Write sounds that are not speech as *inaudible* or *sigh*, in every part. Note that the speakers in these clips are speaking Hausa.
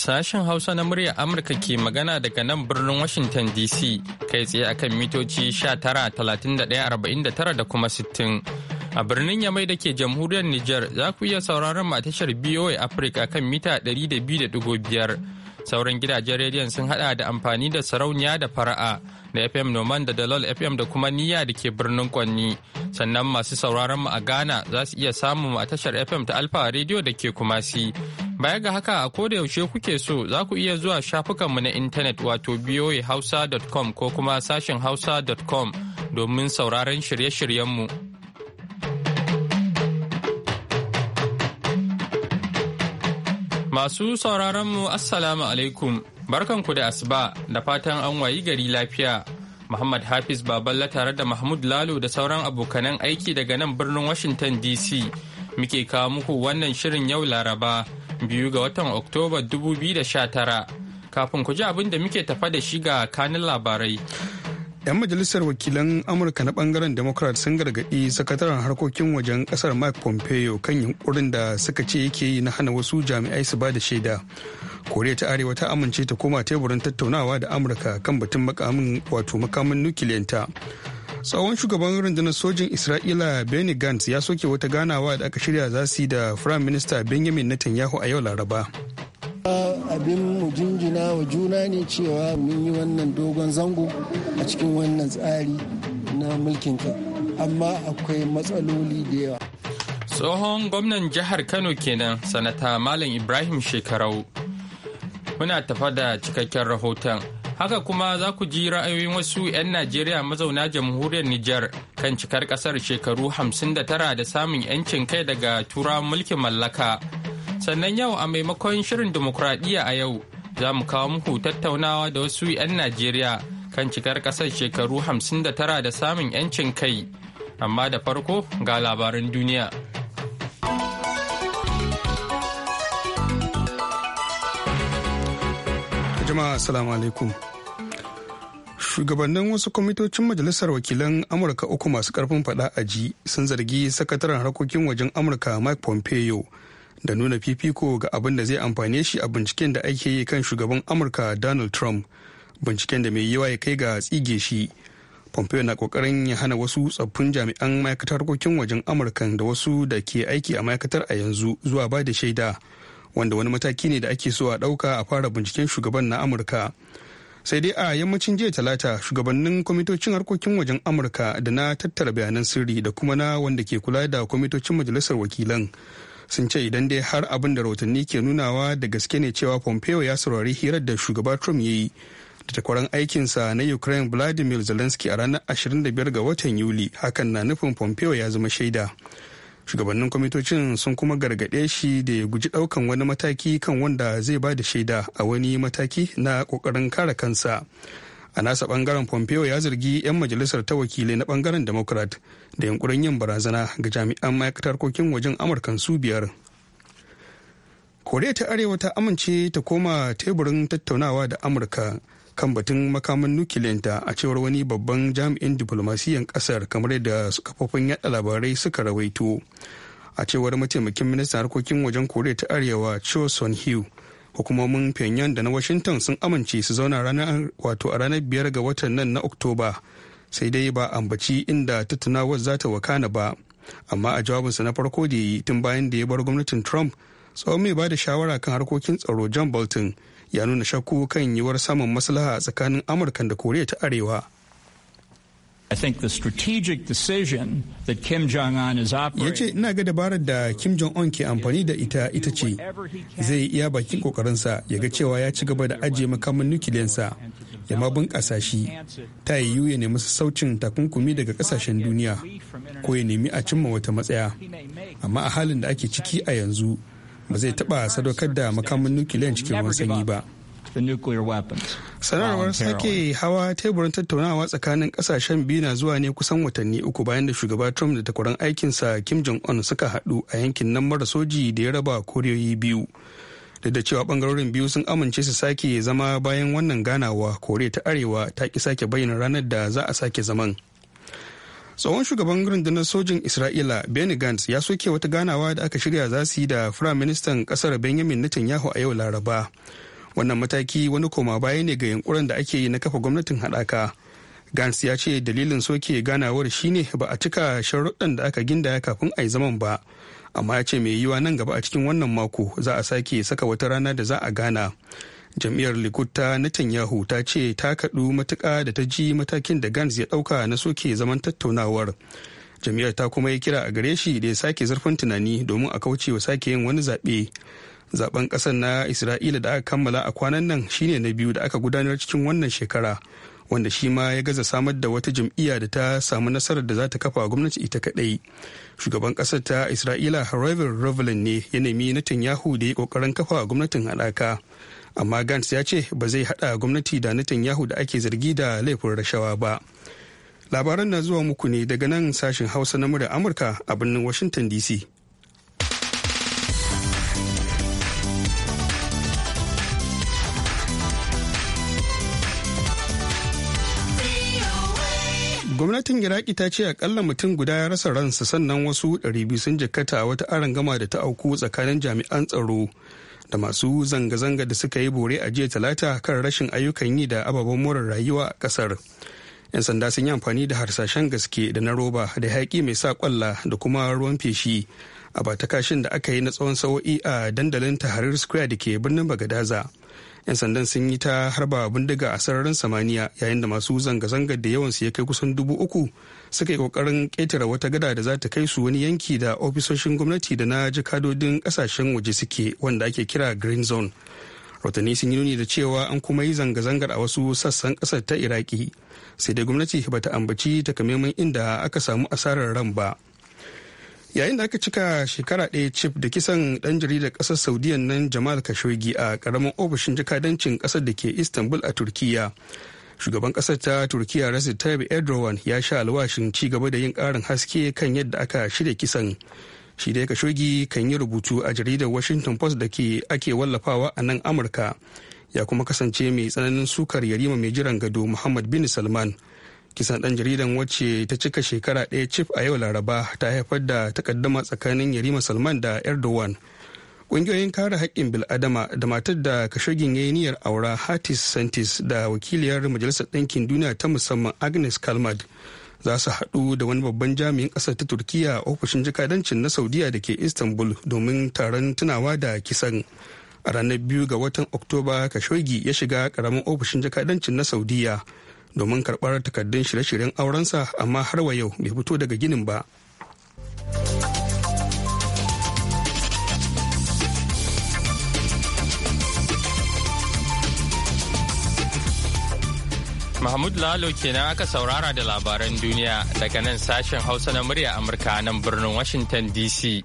Sashen Hausa na murya Amurka ke magana daga nan birnin Washington DC kai tsaye akan mitoci 19,31,49 da kuma 60. A birnin Yamai da ke jamhuriyar Nijar za ku iya sauraron matashar BOA afirka kan mita 200.5. Sauran gidajen rediyon sun hada da amfani da sarauniya da fara'a da FM Noman da Dalol FM da kuma Niyya da ke birnin Kwanni. Sannan masu sauraron mu a Ghana za su iya samun a tashar FM ta Alfa rediyo da ke Kumasi. Baya ga haka a koda yaushe kuke so za ku iya zuwa shafukanmu na intanet wato voahausa.com ko kuma sashen hausa.com domin sauraron shirye-shiryenmu. Masu sauraronmu Assalamu alaikum, barkanku da asuba da fatan an wayi gari lafiya. Muhammad Hafiz Baballa tare da Mahmud Lalo da sauran abokanan aiki daga nan birnin Washington DC muke kawo muku wannan shirin yau Laraba. biyu ga watan Oktoba 2019 kafin ku ji abin da muke tafa da shi ga kanin labarai. 'Yan majalisar wakilan Amurka na bangaren Democrat sun gargaɗi sakataren harkokin wajen kasar Mike Pompeo kan yunkurin da suka ce yake yi na hana wasu jami'ai su ba da shaida. Koriya ta Arewa ta amince ta koma teburin tattaunawa da Amurka kan batun makamin wato makamin nukiliyanta. tsohon shugaban rundunar sojin isra'ila benny gantz ya soke wata ganawa da aka shirya za su yi da firayim minista benjamin netanyahu a yau laraba abin mu jinjina wa juna ne cewa mun yi wannan dogon zango a cikin wannan tsari na mulkin ka amma akwai matsaloli da yawa tsohon gwamnan jihar kano kenan sanata malam ibrahim shekarau muna tafa da cikakken rahoton Haka kuma za ku ji ra'ayoyin wasu 'yan Najeriya mazauna jamhuriyar Nijar kan cikar ƙasar shekaru 59 da samun 'yancin kai daga tura mulkin mallaka. Sannan yau a maimakon shirin dimokuraɗiyya a yau za mu kawo muku tattaunawa da wasu 'yan Najeriya kan cikar ƙasar shekaru 59 da samun 'yancin kai. Amma da farko ga labarin duniya. jama'a alaikum shugabannin wasu kwamitocin majalisar wakilan amurka uku masu karfin fada a ji sun zargi sakataren harkokin wajen amurka mike pompeo da nuna fifiko ga abin da zai amfane shi a binciken da ake yi kan shugaban amurka donald trump binciken da mai yawa ya kai ga tsige shi pompeo na kokarin ya hana wasu tsaffin jami'an ma'aikatar harkokin wajen amurka da wasu da ke aiki a ma'aikatar a yanzu zuwa ba da shaida wanda wani mataki ne da ake so a ɗauka a fara binciken shugaban na amurka sai dai a yammacin jiya talata shugabannin kwamitocin harkokin wajen amurka da na tattara bayanan sirri da kuma na wanda ke kula da kwamitocin majalisar wakilan sun ce idan dai har abin da rahotanni ke nunawa da gaske ne cewa pompeo ya saurari hirar da shugaba trump ya yi da takwaran aikinsa na ukraine vladimir zelensky a ranar 25 ga watan yuli hakan na nufin pompeo ya zama shaida shugabannin kwamitocin sun kuma gargaɗe shi da ya guji ɗaukan wani mataki kan wanda zai ba da shaida a wani mataki na ƙoƙarin kare kansa a nasa ɓangaren pompeo ya zargi 'yan majalisar ta wakilai na ɓangaren democrat da yankurin yin barazana ga jami'an ma'aikatar harkokin wajen amurkan su biyar koriya ta arewa ta amince ta koma teburin tattaunawa da amurka kan batun makaman nukiliyanta a cewar wani babban jami'in diplomasiyan kasar kamar yadda kafofin yada labarai suka rawaito a cewar mataimakin ministan harkokin wajen koriya ta arewa cho son hugh hukumomin pyongyang da na washington sun amince su zauna wato a ranar biyar ga watan nan na oktoba sai dai ba ambaci inda tattunawar za ta wakana ba amma a jawabinsa na farko da yi tun bayan da ya bar gwamnatin trump tsawon mai ba da shawara kan harkokin tsaro john bolton ya nuna shakku kan yiwuwar samun maslaha tsakanin amurka da koriya ta arewa I think strategic decision that Kim jong ina ga dabarar da Kim Jong-un ke amfani da ita ita ce zai iya bakin kokarinsa ya ga cewa ya ci gaba da ajiye makamin nukiliyansa ya ma bunƙasa shi ta yiwu ya nemi saucin takunkumi daga ƙasashen duniya ko ya nemi a cimma wata matsaya amma a halin da ake ciki a yanzu ba zai taɓa sadaukar da makamin nukiliyar cikin ruwan sanyi ba sanarwar sake hawa teburin tattaunawa tsakanin kasashen biyu na zuwa ne kusan watanni uku bayan da shugaba trump da takwaran aikinsa kim jong-un suka hadu a yankin nan mara soji da ya raba koriyoyi biyu duk da cewa bangarorin biyu sun amince su sake zama bayan wannan ganawa koriya ta arewa ta ki sake bayyana ranar da za a sake zaman tsohon shugaban rundunar sojin isra'ila benny gantz ya soke wata ganawa da aka shirya za su yi da firayim ministan kasar benjamin netanyahu a yau laraba wannan mataki wani koma baya ne ga yankuran da ake yi na kafa gwamnatin haɗaka gantz ya ce dalilin soke ganawar shine ba a cika sharuɗɗan da aka gindaya kafin a yi zaman ba amma ya ce mai yiwa nan gaba a cikin wannan mako za a sake saka wata rana da za a gana jam'iyyar likud ta netanyahu ta ce ta kaɗu matuƙa da ta ji matakin da gans ya ɗauka na soke zaman tattaunawar jam'iyyar ta kuma ya kira a gare shi da ya sake zurfin tunani domin a kauce wa sake yin wani zaɓe zaben ƙasar na isra'ila da aka kammala a kwanan nan shine na biyu da aka gudanar cikin wannan shekara wanda shi ma ya gaza samar da wata jam'iyya da ta samu nasarar da za ta kafa gwamnati ita kaɗai shugaban ƙasar ta isra'ila harvard revelin ne ya nemi netanyahu da ya ƙoƙarin kafa gwamnatin haɗaka amma gantz ya ce ba zai hada gwamnati da netanyahu da ake zargi da laifin rashawa ba labaran na zuwa muku ne daga nan sashen hausa na murar amurka a birnin washington dc gwamnatin iraki ta ce akalla mutum guda ya rasa ransa sannan wasu 200 sun jikkata a wata arangama da ta auku tsakanin jami'an tsaro da masu zanga-zanga da suka yi bore a jiya talata kan rashin ayyukan yi da ababen more rayuwa a kasar yan sanda sun yi amfani da harsashen gaske da na roba da haƙi mai sa kwalla da kuma ruwan feshi a batakashin da aka yi na tsawon sa'o'i a dandalin taharir square da ke birnin bagadaza yan sandan sun yi ta harba bindiga a sararin samaniya yayin da masu zanga-zangar da yawansu ya kai kusan dubu uku suka yi kokarin ƙetare wata gada da za ta kai su wani yanki da ofisoshin gwamnati da na jakadodin ƙasashen waje suke wanda ake kira green zone rotani sun yi nuni da cewa an kuma yi zanga-zangar a wasu sassan ƙasar ta iraki sai dai gwamnati ba ta ambaci takamaiman inda aka samu asarar ran ba yayin da aka cika shekara ɗaya cif da kisan ɗan jaridar ƙasar saudiyan nan jamal khashoggi a ƙaramin ofishin jakadancin ƙasar da ke istanbul a turkiyya. shugaban kasar ta turkiya recep tayyip erdogan ya sha alwashin ci gaba da yin karin haske kan yadda aka shirya kisan shi da ya kashogi kan yi rubutu a jaridar washington post da ke ake wallafawa a nan amurka ya kuma kasance mai tsananin sukar yarima mai jiran gado muhammad bin salman kisan dan jaridan wacce ta cika shekara ɗaya cif a yau laraba ta haifar da takaddama tsakanin yarima salman da erdogan kungiyoyin kare haƙƙin bil'adama da matar da kashagin ya yi niyyar aura Hatis Santis da wakiliyar Majalisar Ɗinkin Duniya ta musamman Agnes Kalmad za su haɗu da wani babban jami'in ƙasar ta Turkiya a ofishin jikadancin na Saudiya da ke Istanbul domin taron tunawa da kisan. A ranar biyu ga watan Oktoba Kashogi ya shiga ƙaramin ofishin jikadancin na Saudiya domin karɓar takardun shirye-shiryen aurensa amma har wa yau bai fito daga ginin ba. Mahmud Lalo kenan aka saurara da labaran duniya daga nan sashen Hausa na murya Amurka nan birnin Washington DC.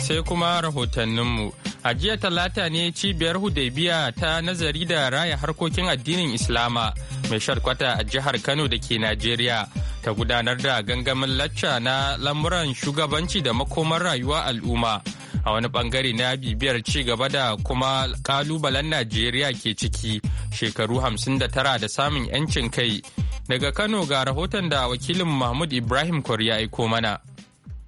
Sai kuma rahotanninmu. A jiya talata ne cibiyar Hudaybiya ta nazari da raya harkokin addinin Islama mai sharkwata a jihar Kano da ke Najeriya. ta gudanar da gangamin lacca na lamuran shugabanci da makomar rayuwa al'umma a wani bangare na bibiyar ci gaba da kuma kalubalen najeriya ke ciki shekaru 59 da samun 'yancin kai daga kano ga rahoton da wakilin mahmud ibrahim kwari ya aiko mana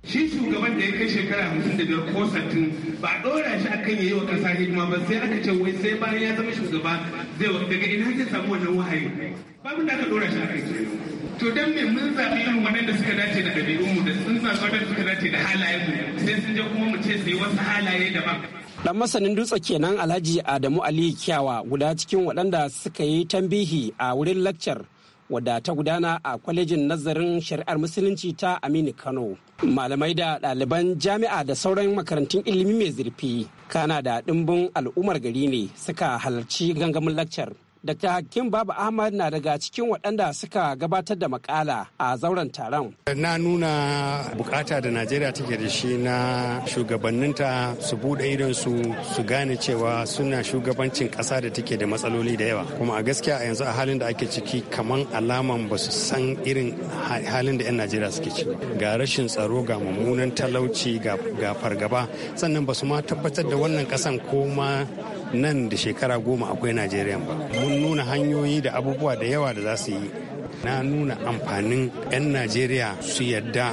shi shugaban da ya kai shekara hamsin da biyar ko satin ba a ɗora shi a kan yayi wa ƙasa hidima ba sai aka ce wai sai bayan ya zama shugaba zai daga ina zai samu wannan wahayi babin da aka ɗora shi a kai to dan me mun zaɓi irin waɗanda suka dace da ɗabi'unmu da sun zaɓi waɗanda suka dace da halaye mu sai sun je kuma mu ce sai wasu halaye daban dan masanin dutse kenan alhaji adamu ali kyawa guda cikin waɗanda suka yi tambihi a wurin lakcar wadda ta gudana a kwalejin nazarin shari'ar musulunci ta aminu kano malamai da ɗaliban jami'a da sauran makarantun ilimi mai zurfi kana da ɗimbin al'ummar gari ne suka halarci gangamin lakcar Dr. Hakim Babu Ahmad na daga cikin waɗanda suka gabatar da makala a zauren taron. Na nuna bukata da Najeriya take da shi na shugabanninta su buɗe idon su su gane cewa suna shugabancin ƙasa da take da matsaloli da yawa. Kuma a gaskiya a yanzu a halin da ake ciki kaman alaman ba su san irin halin da 'yan Najeriya suke ciki. Ga rashin tsaro ga mummunan talauci ga fargaba sannan ba su ma tabbatar da wannan ƙasan ko ma nan da shekara goma akwai najeriya ba mun nuna hanyoyi da abubuwa da yawa da za su yi na nuna amfanin 'yan najeriya su yadda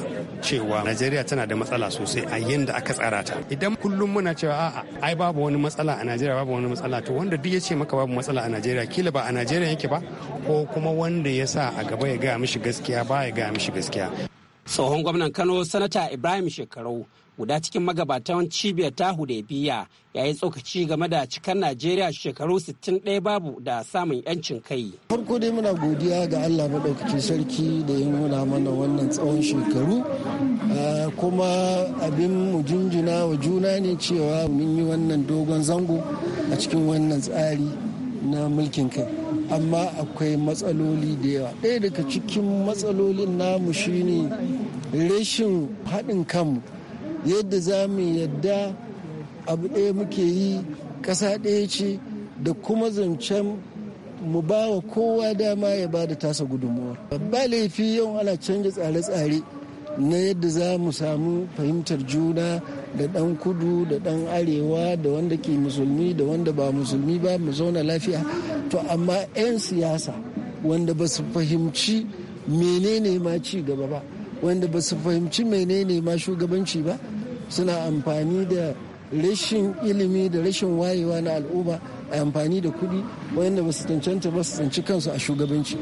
cewa najeriya tana da matsala sosai a yadda aka tsara ta idan kullum muna cewa a'a ai babu wani matsala a najeriya babu wani matsala to wanda duk ya ce maka babu matsala a najeriya kila ba a najeriya yake ba ko kuma wanda ya sa a gaba ya gaya mishi gaskiya ba ya gaya mishi gaskiya tsohon gwamnan kano sanata ibrahim shekaru guda cikin magabatan cibiyar ta hudebiya ya yi tsokaci game da cikar najeriya shekaru 61 babu da samun yancin kai farko dai muna godiya ga allah maɗaukacin sarki da ya nuna mana wannan tsawon shekaru ah, kuma abin mu jinjina wa juna ne cewa mun yi wannan dogon zango a cikin wannan tsari na mulkin kai amma akwai matsaloli da yawa ɗaya daga cikin matsalolin namu shine rashin haɗin kanmu yadda za mu yadda abu ɗaya muke yi ƙasa ɗaya ce da kuma zancen mu ba wa kowa dama ya ba da tasa gudunmuwar ba laifi yau ana canja tsare-tsare na yadda za mu samu fahimtar juna da ɗan kudu da ɗan arewa da wanda ke musulmi da wanda ba musulmi ba mu zauna lafiya to amma 'yan siyasa wanda ba su fahimci menene ma ci gaba ba wanda ba su fahimci menene ma shugabanci ba suna amfani da rashin ilimi da rashin wayewa na al'umma a amfani da kuɗi wanda ba su tancanta ba su tsanci kansu a shugabanci.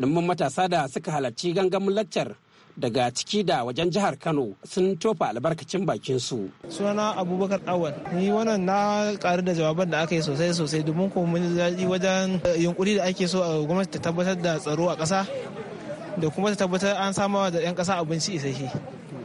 Numbin matasa da suka halarci gangamin laccar daga ciki da wajen jihar Kano sun tofa albarkacin bakin su. Sunana Abubakar Awal. Ni wannan na karu da jawaban da aka yi sosai sosai domin ko mun zaji wajen eh, yunkuri da ake so a eh, gwamnati ta tabbatar da tsaro a ƙasa da kuma ta tabbatar an samu da 'yan ƙasa abinci isashe.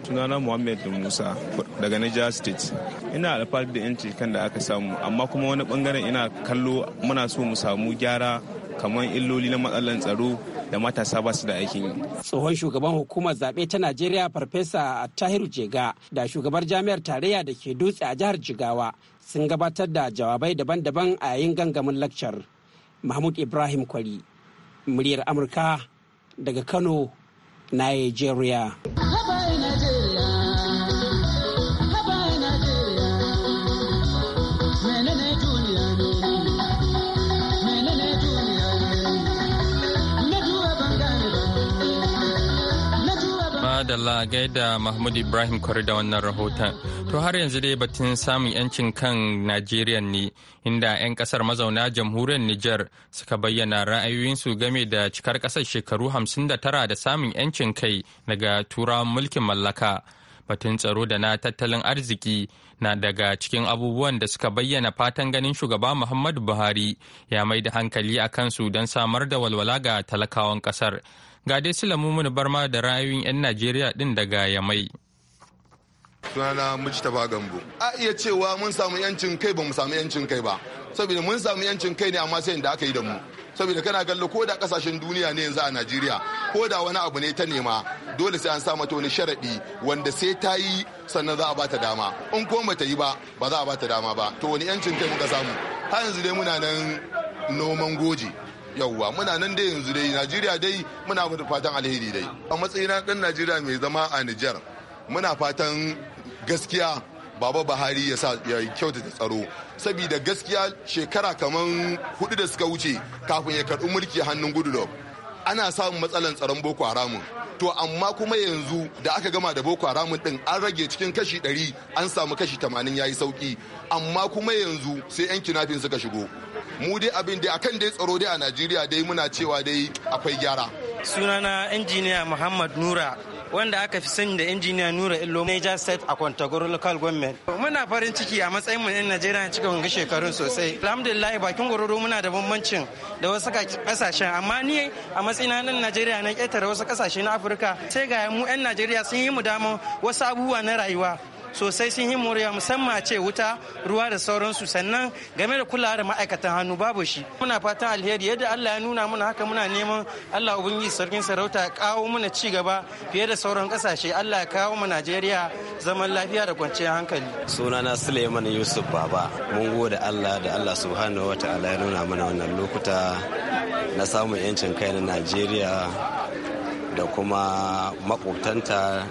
sunana Muhammad Musa daga Niger State. Ina alfahari da yanci kan da aka samu, amma kuma wani bangaren ina kallo muna so mu samu gyara kamar illoli na matsalan tsaro da matasa ba su da aikin yi. Tsohon shugaban hukumar zaɓe ta Najeriya Farfesa Tahiru Jega da shugabar jami'ar tarayya da ke dutse a jihar Jigawa sun gabatar da jawabai daban-daban a yayin gangamin lakcar. Mahmud Ibrahim Kwari, muryar Amurka daga Kano, Nigeria. Madalla gaida Mahmud Ibrahim Kwari da wannan rahoton. To har yanzu dai batun samun 'yancin kan Najeriya ne, inda 'yan kasar mazauna jamhuriyar Nijar suka bayyana ra'ayoyinsu game da cikar kasar shekaru 59 da samun 'yancin kai daga tura mulkin mallaka. Batun tsaro da na tattalin arziki na daga cikin abubuwan da suka bayyana fatan ganin shugaba Muhammadu Buhari ya mai da hankali a kansu don samar da walwala ga talakawan kasar. Ga dai Sulamu mini barma da rayuwar 'yan Najeriya din daga Yamai. sunana mujtaba gambo a iya cewa mun samu yancin kai ba mu samu yancin kai ba saboda mun samu yancin kai ne amma sai da aka yi da mu saboda kana kallo ko da kasashen duniya ne yanzu a najeriya ko da wani abu ne ta nema dole sai an sa mata wani sharaɗi wanda sai ta yi sannan za a bata dama in ko bata yi ba ba za a bata dama ba to wani yancin kai muka samu har yanzu dai muna nan noman goji yauwa muna nan dai yanzu dai najeriya dai muna mutu fatan alheri dai a matsayina dan najeriya mai zama a nijar muna fatan gaskiya baba buhari ya sa ya kyautata tsaro saboda gaskiya shekara kamar hudu da suka wuce kafin ya karɓi mulki hannun goodluck ana samun matsalan tsaron boko haramun to amma kuma yanzu da aka gama da boko haramun din an rage cikin kashi ɗari an samu kashi 80 yayi sauki amma kuma yanzu sai yan kinafin suka shigo mu dai abin dai akan dai tsaro dai a najeriya dai muna cewa dai akwai gyara sunana injiniya muhammad nura wanda aka fi sani da injiniya nura illo niger state a kwantagoro local government muna farin ciki a matsayin mu 'yan najeriya cikin wanga shekarun sosai alhamdulillah bakin gwaroro muna da bambancin da wasu kasashen amma ni a matsayin nan najeriya na ƙetare wasu kasashe na afirka sai ga mu 'yan najeriya sun yi mu damar wasu abubuwa na rayuwa sosai sun yi moriya musamman a ce wuta ruwa da sauransu sannan game da kulawa da ma'aikatan hannu babu shi muna fatan alheri yadda Allah ya nuna muna haka muna neman Allah yi sarkin sarauta kawo mana ci gaba fiye da sauran kasashe Allah ya kawo mu Najeriya zaman lafiya da kwanciyar hankali sunana Suleiman Yusuf Baba mun gode Allah da Allah subhanahu wataala ya nuna mana wannan lokuta na samun yancin kai na Najeriya da kuma makwabtanta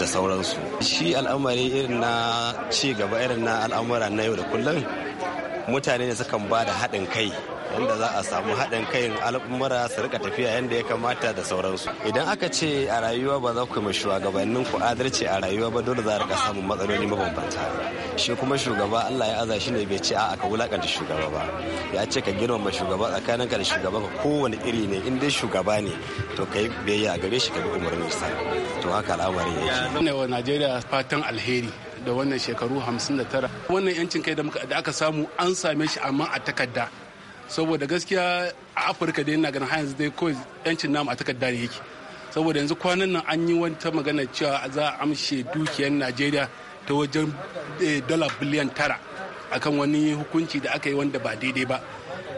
da sauransu shi al'amari irin na ci gaba irin na al'amura na yau da kullum mutane ne sukan ba da haɗin kai inda za a samu haɗin kai al'ummara su rika tafiya yadda ya kamata da sauransu idan aka ce a rayuwa ba za ku mai shugabannin ku adalci a rayuwa ba dole za a rika samun matsaloli mabambanta shi kuma shugaba Allah ya aza shi ne bai ce a ka wulakanta shugaba ba ya ce ka girmama shugaba tsakanin ka da shugaba ka kowane iri ne in dai shugaba ne to kai biyayya gare shi ka bi sa. to haka al'amarin yake ne wa Najeriya fatan alheri da wannan shekaru 59 wannan yancin kai da aka samu an same shi amma a takarda saboda gaskiya a afirka dai yana ganin har yanzu dai kawai yancin namu a takarda yake saboda yanzu kwanan nan an yi wata magana cewa za a amshe dukiyar najeriya ta wajen eh, dala biliyan tara akan wani hukunci da aka yi wanda ba daidai ba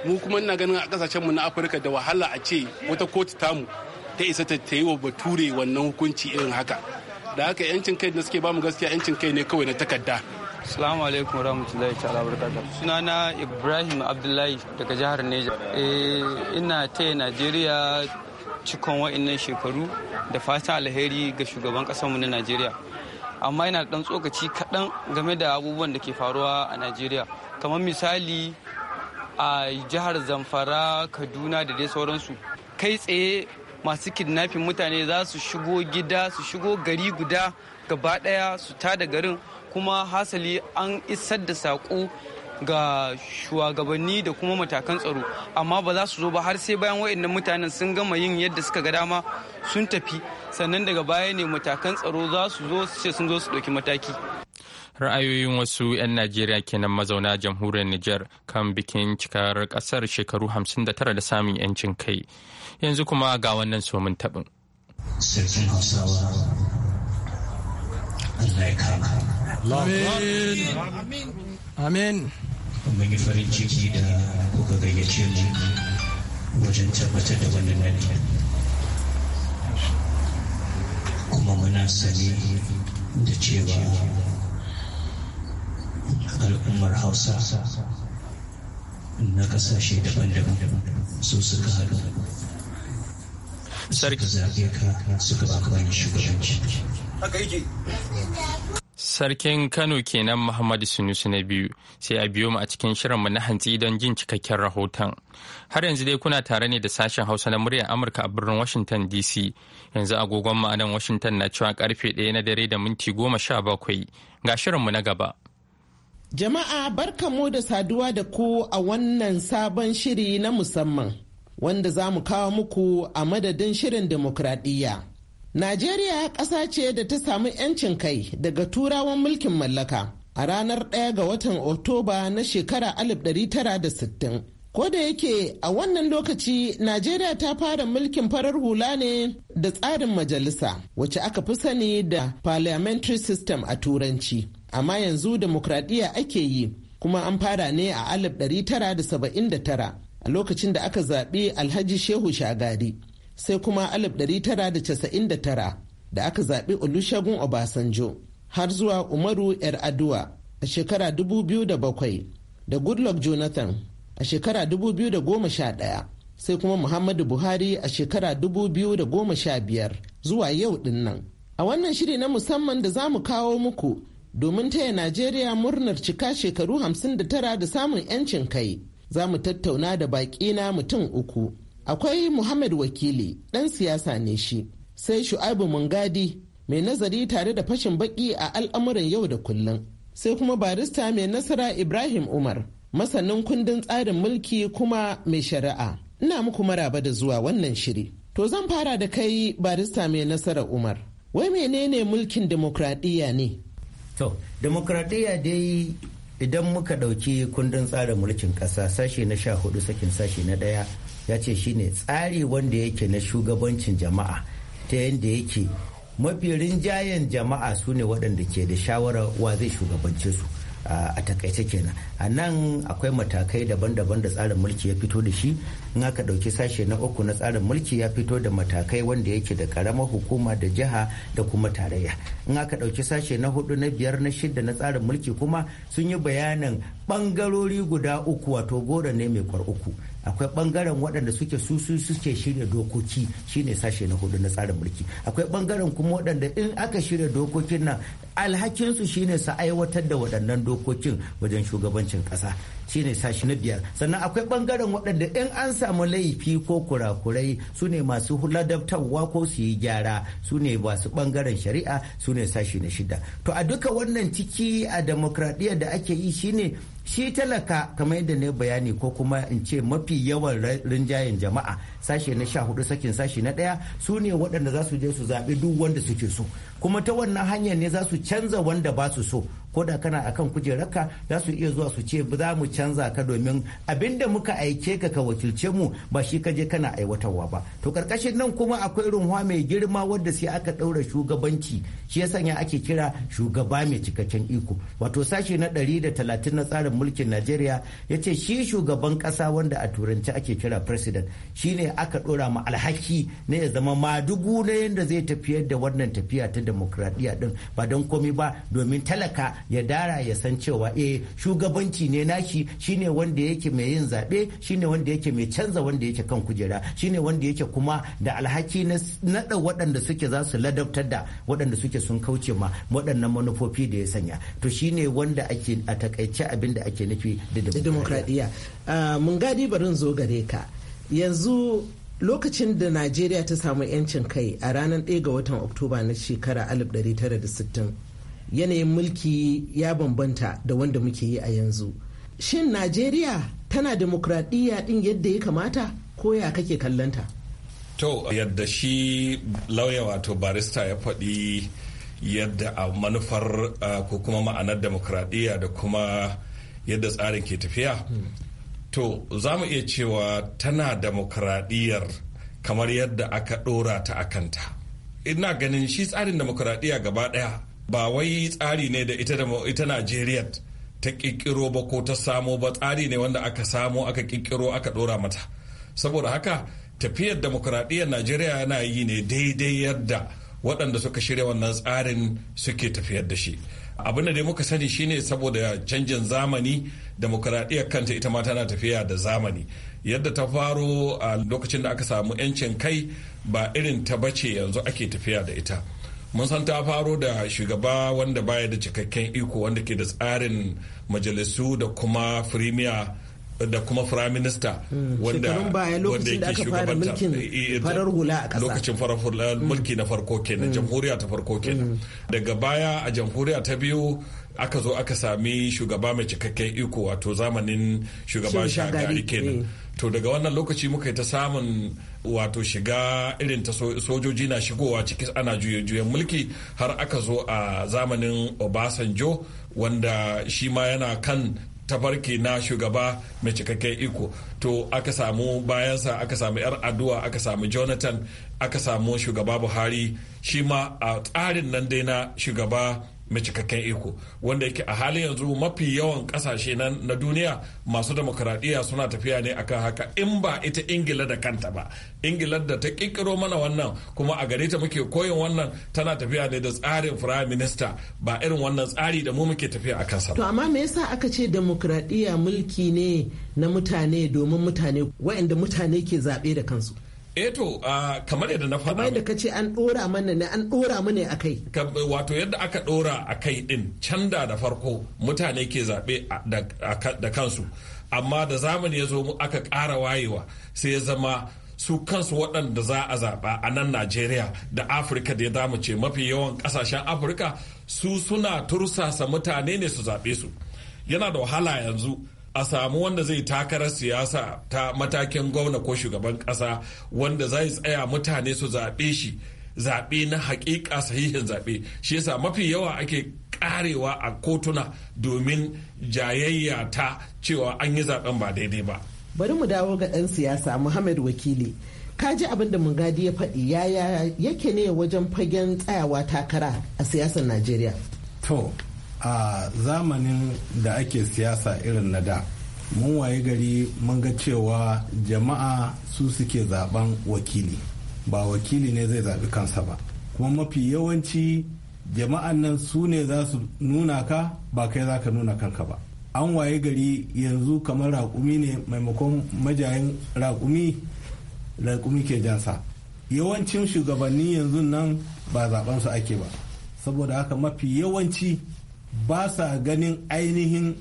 mu kuma ina ganin a kasashen mu na afirka da wahala a ce wata kotu tamu ta isa ta yi wa bature wannan hukunci irin haka da haka yancin kai da suke bamu gaskiya yancin kai ne kawai na takarda Assalamu alaikum warahmatullahi ta'ala barakatuh. Sunana Ibrahim Abdullahi daga jihar Neja. Eh ina taya Najeriya cikon wa'annan shekaru da fatan alheri ga shugaban ƙasarmu na Najeriya. Amma ina da ɗan tsokaci kaɗan game da abubuwan da ke faruwa a Najeriya. Kamar misali a jihar Zamfara, Kaduna da dai sauransu. Kai tsaye masu kidnafin mutane za su shigo gida su shigo gari guda gaba ɗaya su tada garin kuma hasali an isar da saƙo ga shugabanni da kuma matakan tsaro amma ba za su zo ba har sai bayan waɗannan mutanen sun gama yin yadda suka ga dama sun tafi sannan daga baya ne matakan tsaro za su zo su ce sun zo su ɗauki mataki ra'ayoyin wasu 'yan najeriya kenan mazauna jamhuriyar niger kan bikin cikar kasar shekaru 59 da samun 'yancin kai yanzu kuma ga wannan somin taɓin Allah ya kama mun yi farin ciki da kuka gayyace mu wajen tabbatar da wannan nadi kuma muna da cewa al'ummar hausa na kasashe daban-daban su suka haɗu suka baka wani shugabanci haka yake Sarkin Kano kenan Muhammadu Sunusu na biyu sai a biyo mu a cikin shirin mu na hantsi don jin cikakken rahoton. Har yanzu dai kuna tare ne da sashen Hausa na muryar Amurka a birnin Washington DC. Yanzu agogon mu a Washington na cewa karfe ɗaya na dare da minti goma sha bakwai ga shirin mu na gaba. Jama'a barkamu da saduwa da ku a wannan sabon shiri na musamman wanda za mu kawo muku a madadin shirin demokradiyya. Najeriya ƙasa ce da ta samu 'yancin kai daga turawan mulkin mallaka a ranar ɗaya ga watan Oktoba na shekara 1960. da yake a wannan lokaci Najeriya ta fara mulkin farar hula ne da tsarin majalisa wacce aka fi sani da parliamentary system a turanci. Amma yanzu demokradiyya ake yi kuma an fara ne a 1979 a lokacin da aka zaɓi Alhaji Shehu Shagari. sai kuma 1999 da aka zaɓi Olusegun Obasanjo har zuwa Umaru 'Yar Adua a shekara 2007 da Goodluck Jonathan a shekara 2011 sai kuma Muhammadu Buhari a shekara 2015 zuwa yau ɗin nan. A wannan shiri na musamman da za mu kawo muku domin taya Najeriya murnar cika shekaru 59 da samun 'yancin kai za mu tattauna da baƙi na mutum uku. akwai muhammad wakili ɗan siyasa ne shi sai shu'aibu mungadi mai nazari tare da fashin baki a al'amuran yau da kullum sai kuma barista mai nasara ibrahim umar masanin kundin tsarin mulki kuma mai shari'a ina muku maraba da zuwa wannan shiri to zan fara da kai barista mai nasara umar wai menene mulkin demokradiyya ne to demokradiyya dai idan muka ɗauki kundin tsarin mulkin ƙasa sashe na sha hudu sakin sashe na ɗaya ya ce shine tsari wanda yake na shugabancin jama'a ta yadda yake mafi rinjayen jama'a su ne waɗanda ke da shawarar wa zai shugabance su a takaice kenan a nan akwai matakai daban-daban da tsarin mulki ya fito da shi in aka ɗauki sashe na uku na tsarin mulki ya fito da matakai wanda yake da karamar hukuma da jiha da kuma tarayya in aka ɗauki sashe na hudu na biyar na shida na tsarin mulki kuma sun yi bayanin ɓangarori guda uku wato goro ne mai kwar uku akwai bangaren waɗanda suke su suke shirya dokoki shine sashe na hudu na tsarin mulki akwai bangaren kuma waɗanda in aka shirya dokokin nan alhakinsu shine su aiwatar da waɗannan dokokin wajen shugabancin ƙasa shine sashi na biyar sannan akwai ɓangaren waɗanda in an samu laifi ko kurakurai su ne masu ladabtarwa ko su yi gyara su ne masu ɓangaren shari'a su ne sashi na shida to a duka wannan ciki a demokradiyya da ake yi shine shi talaka kamar yadda ne bayani ko kuma in ce mafi yawan rinjayen jama'a sashe na sha hudu sakin sashe na ɗaya su ne waɗanda za su je su zaɓi duk wanda suke so kuma ta wannan hanyar ne za su canza wanda ba su so ko da kana akan kujerarka za su iya zuwa su ce za mu canza ka domin abin da muka aike ka ka wakilce mu ba shi ka je kana aiwatarwa ba to karkashin nan kuma akwai runwa mai girma wadda sai aka ɗaura shugabanci shi ya sanya ake kira shugaba mai cikakken iko wato sashi na 130 na tsarin mulkin Najeriya ya ce shi shugaban ƙasa wanda a turanci ake kira president shine aka ɗora ma alhaki ne ya zama madugu na yadda zai tafiyar da wannan tafiya ta demokradiyya din ba don komai ba domin talaka ya dara ya san cewa eh shugabanci ne nashi shine wanda yake mai yin zaɓe shine wanda yake mai canza wanda yake kan kujera shine wanda yake kuma da alhaki na naɗa waɗanda suke za su ladabtar da waɗanda suke sun kauce ma waɗannan manufofi da ya sanya to shine wanda ake a takaice abin da ake nufi da demokradiyya ah, mun gadi barin zo gare ka yanzu lokacin da najeriya ta samu 'yancin kai a ranar 1 ga watan oktoba na shekara sittin. yanayin mulki ya bambanta da wanda muke yi a yanzu shin najeriya tana demokradiyya din yadda ya kamata ko ya kake kallanta to yadda shi lauya wato barista ya faɗi yadda a manufar ko kuma ma'anar demokradiyya da kuma yadda tsarin ke tafiya to za mu iya cewa tana demokradiyyar kamar yadda aka ɗora ta a kanta ina ganin shi tsarin demokradiyya gaba ɗaya ba wai tsari ne da ita da ita Najeriya ta kikkiro ba ko ta samo ba tsari ne wanda aka samo aka kikkiro aka dora mata saboda haka tafiyar demokuraɗiyyar Najeriya yana yi ne daidai yadda waɗanda suka shirya wannan tsarin suke tafiyar da shi abin da dai muka sani shine saboda canjin zamani demokuraɗiyyar kanta ita ma tana tafiya da zamani yadda ta faro a lokacin da aka samu 'yancin kai ba irin ta bace yanzu ake tafiya da ita mun san ta faro da shugaba wanda baya da cikakken iko wanda ke da tsarin majalisu da kuma firimiya da kuma prime minister hmm. wanda wanda yake shugabanta eh, eh, farar a lokacin farar hula hmm. mulki na farko kenan hmm. jamhuriya ta farko kenan daga baya a jamhuriya ta biyu aka zo aka sami shugaba mai cikakken iko wato zamanin shugaba shagari kenan eh. to daga wannan lokaci muka yi ta samun wato shiga irin ta sojoji na shigowa ciki ana juye-juyen mulki har aka zo a zamanin obasanjo wanda shi ma yana kan tafarki na shugaba mai cikakken iko to aka samu bayansa aka samu yar addu'a aka samu jonathan aka samu shugaba buhari shi ma a tsarin nan dai na shugaba mai cikakken iko wanda yake a halin yanzu mafi yawan kasashe na duniya masu demokaradiyya suna tafiya ne akan haka in ba ita ingila da kanta ba ingila da ta kikkiro mana wannan kuma a gare ta muke koyin wannan tana tafiya ne da tsarin prime minister ba irin wannan tsari da mu muke tafiya a kansa to amma me yasa aka ce demokaradiyya mulki ne na mutane domin mutane waɗanda mutane ke zaɓe da kansu eto eh uh, kamar yadda na faɗa kamar yadda kace an ɗora mana ne an ɗora mana a kai wato yadda aka ɗora a kai ɗin canda da farko mutane ke zaɓe da kansu amma da zamani ya zo aka ƙara wayewa sai ya zama su kansu waɗanda za a zaɓa a nan najeriya da afirka da ya damu ce mafi yawan ƙasashen afirka su suna tursasa mutane ne su zaɓe su yana da wahala yanzu a samu wanda zai takarar siyasa ta matakin gwamna ko shugaban kasa wanda zai tsaya mutane su zaɓe shi zaɓe na hakika sahihin zaɓe shi yasa mafi yawa ake karewa a kotuna domin jayayya ta cewa an yi zaɓen ba daidai ba bari mu dawo ga ɗan siyasa muhammad wakili ka ji abin da mugadi ya faɗi yaya yake ne wajen fagen tsayawa takara a siyasar najeriya to a zamanin da ake siyasa irin na da mun waye gari mun ga cewa jama'a su suke zaben wakili ba wakili ne zai zaɓi kansa ba kuma mafi yawanci jama'an nan su ne za su nuna ka ba kai za ka nuna kanka ba an waye gari yanzu kamar raƙumi ne maimakon majayin raƙumi raƙumi ke jansa yawancin shugabanni yanzu nan ba zaben su ake ba saboda haka mafi yawanci ba sa ganin ainihin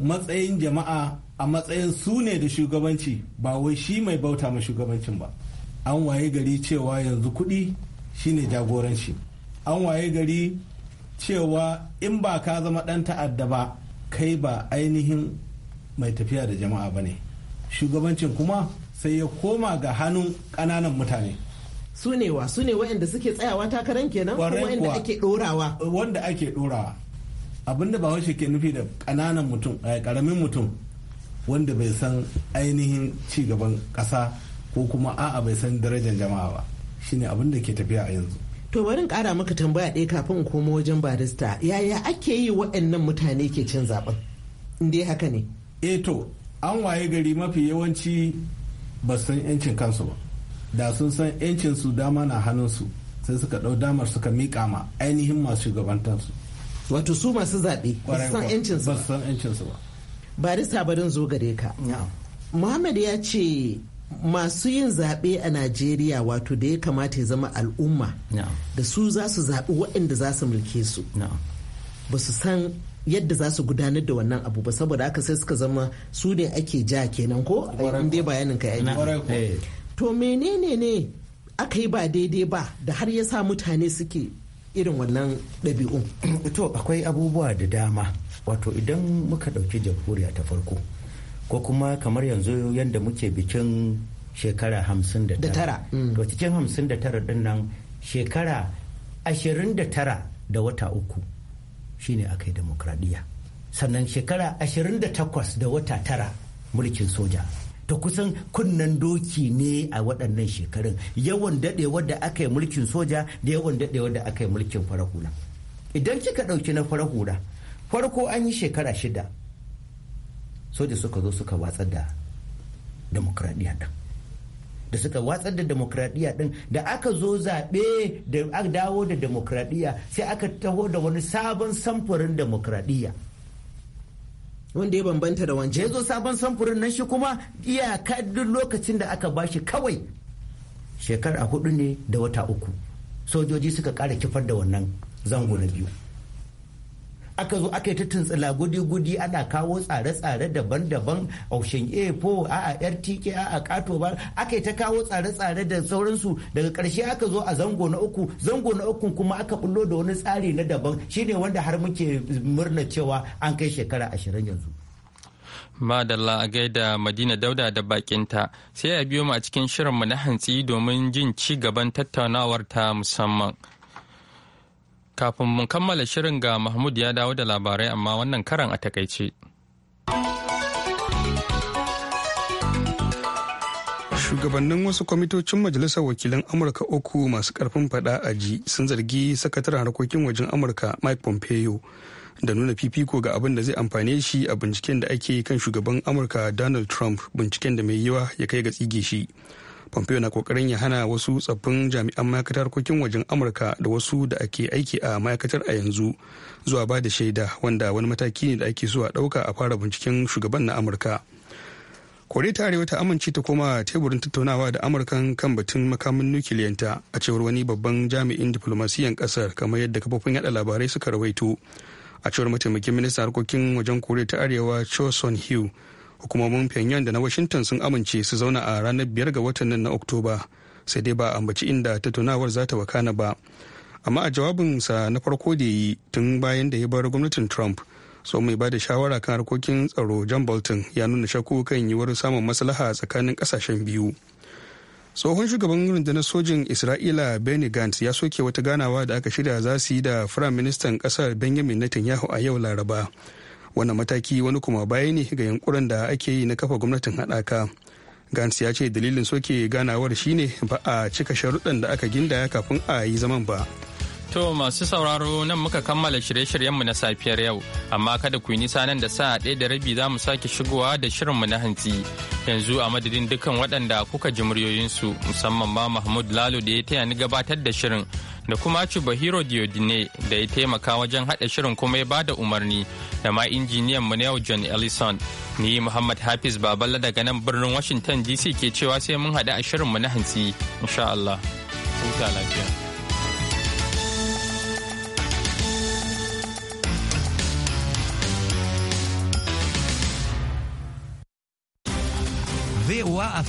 matsayin jama'a a matsayin su ne da shugabanci ba wai shi mai bauta ma shugabancin ba an waye gari cewa yanzu kuɗi shi ne jagoranci an waye gari cewa in ba ka zama ɗan ta'adda ba kai ba ainihin mai tafiya da jama'a ba ne shugabancin kuma sai ya koma ga hannun ƙananan mutane su ne wa waɗanda suke tsayawa takarar kenan kuma waɗanda wanda ake ɗorawa abinda ba washe ke nufi da ƙananan mutum eh, ƙaramin mutum wanda bai san ainihin ci gaban ƙasa ko kuma a'a bai san darajar jama'a ba shine abinda ke tafiya a yanzu to bari ƙara maka tambaya ɗaya kafin in koma wajen barista yaya ake yi waɗannan mutane ke cin zaɓen inda ya haka ne eh to an waye gari mafi yawanci ba san yancin kansu ba da sun san yancin su dama na hannunsu sai suka ɗau damar suka miƙa ma ainihin masu shugabantansu wato su masu zaɓe ba san ba san ba barin zo gare ka Muhammad ya ce masu yin zaɓe a Najeriya wato da ya kamata ya zama al'umma da su za su zaɓi waɗanda za su mulke su ba su san yadda za su gudanar da wannan abu ba saboda aka sai suka zama su ne ake ja kenan ko in dai bayanin ka yi to menene ne aka yi ba daidai ba da har ya sa mutane suke irin wannan ɗabi'un *clears throat* to akwai abubuwa da dama wato idan muka ɗauki jamhuriya ta farko ko kuma kamar yanzu yadda muke bikin shekara hamsin da tara mm. to cikin hamsin da tara din nan shekara ashirin da tara da wata uku shine aka yi demokradiyya sannan shekara ashirin da takwas da wata tara mulkin soja ta kusan kunnen doki ne a waɗannan shekarun yawan daɗewar da aka yi mulkin soja da yawan daɗewar da aka yi mulkin farahuna idan kika ɗauki na farahuna farko an yi shekara shida soja suka zo suka watsar da demokradiyya ɗin da suka watsar da demokradiyya ɗin da aka zo zaɓe da aka dawo da demokradiyya sai aka taho da wani sabon samfurin demokradiyya wanda ya bambanta da wancan ya zo sabon samfurin nan shi kuma iyaka duk lokacin da aka bashi kawai shekara hudu ne da wata uku sojoji suka kara kifar da wannan zango na biyu aka zo aka yi ta tuntsila gudi-gudi ana kawo tsare-tsare daban-daban aushen a4 a a rtk a a kato ba aka yi ta kawo tsare-tsare da sauransu daga karshe aka zo a zango na uku zango na uku kuma aka bullo da wani tsari na daban shine wanda har muke murna cewa an kai shekara ashirin yanzu Madalla a gaida Madina Dauda da bakinta sai a biyo mu a cikin shirinmu na hantsi domin jin ci gaban tattaunawar ta musamman. Kafin mun kammala shirin ga Mahmud ya dawo da labarai amma wannan karan a takaice. shugabannin wasu kwamitocin majalisar wakilan amurka uku masu karfin fada a ji sun zargi sakataren harkokin wajen amurka mike pompeo da nuna fifiko ga abin da zai amfane shi a binciken da ake kan shugaban amurka donald trump binciken da mai yiwa ya kai ga tsige shi pompeo na kokarin ya hana wasu tsaffin jami'an ma'aikatar harkokin wajen amurka da wasu da ake aiki a ma'aikatar a yanzu zuwa ba da shaida wanda wani mataki ne da ake zuwa ɗauka a fara binciken shugaban na amurka kore ta arewa ta amince ta koma teburin tattaunawa da amurkan kan batun makamin nukiliyanta a cewar wani babban jami'in diplomasiyan kasar kamar yadda kafofin yada labarai suka rawaito a cewar mataimakin ministan harkokin wajen kore ta arewa choson hugh hukumomin pyongyang da na washington sun amince su zauna a ranar biyar ga watan nan na oktoba sai dai ba a ambaci inda tattaunawar za ta wakana ba amma a jawabinsa na farko da yi tun bayan da ya bar gwamnatin trump so mai ba da shawara kan harkokin tsaro john bolton ya nuna shakku kan yiwuwar samun maslaha tsakanin kasashen biyu tsohon shugaban rundunar sojin isra'ila benny gantz ya soke wata ganawa da aka shirya za su yi da firaministan ƙasar kasar benjamin netanyahu a yau laraba wannan mataki wani kuma baya ne ga yankuran da ake yi na kafa gwamnatin haɗaka gans ya ce dalilin soke ganawar shine ba a cika sharuɗan da aka gindaya kafin a yi zaman ba To masu sauraro nan muka kammala shirye-shiryenmu na safiyar yau, amma kada ku yi nisa nan da sa ɗaya da rabi za mu sake shigowa da shirinmu na hantsi. Yanzu a madadin dukkan waɗanda kuka ji muryoyinsu musamman ma Mahmud Lalo da ya taya ni gabatar da shirin da kuma Bahiro Diodine da ya taimaka wajen haɗa shirin kuma ya bada umarni da ma injiniyan mu na yau John Ellison. Ni Muhammad Hafiz Baballa daga nan birnin Washington DC ke cewa sai mun haɗu a shirin mu na hantsi. Insha Allah. lafiya. VOA